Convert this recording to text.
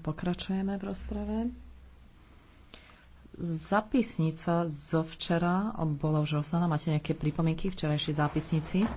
Pokračujeme v rozprave. Zapisnica zo včera bola už rozdaná. Máte nejaké pripomienky včerajšej zápisnici?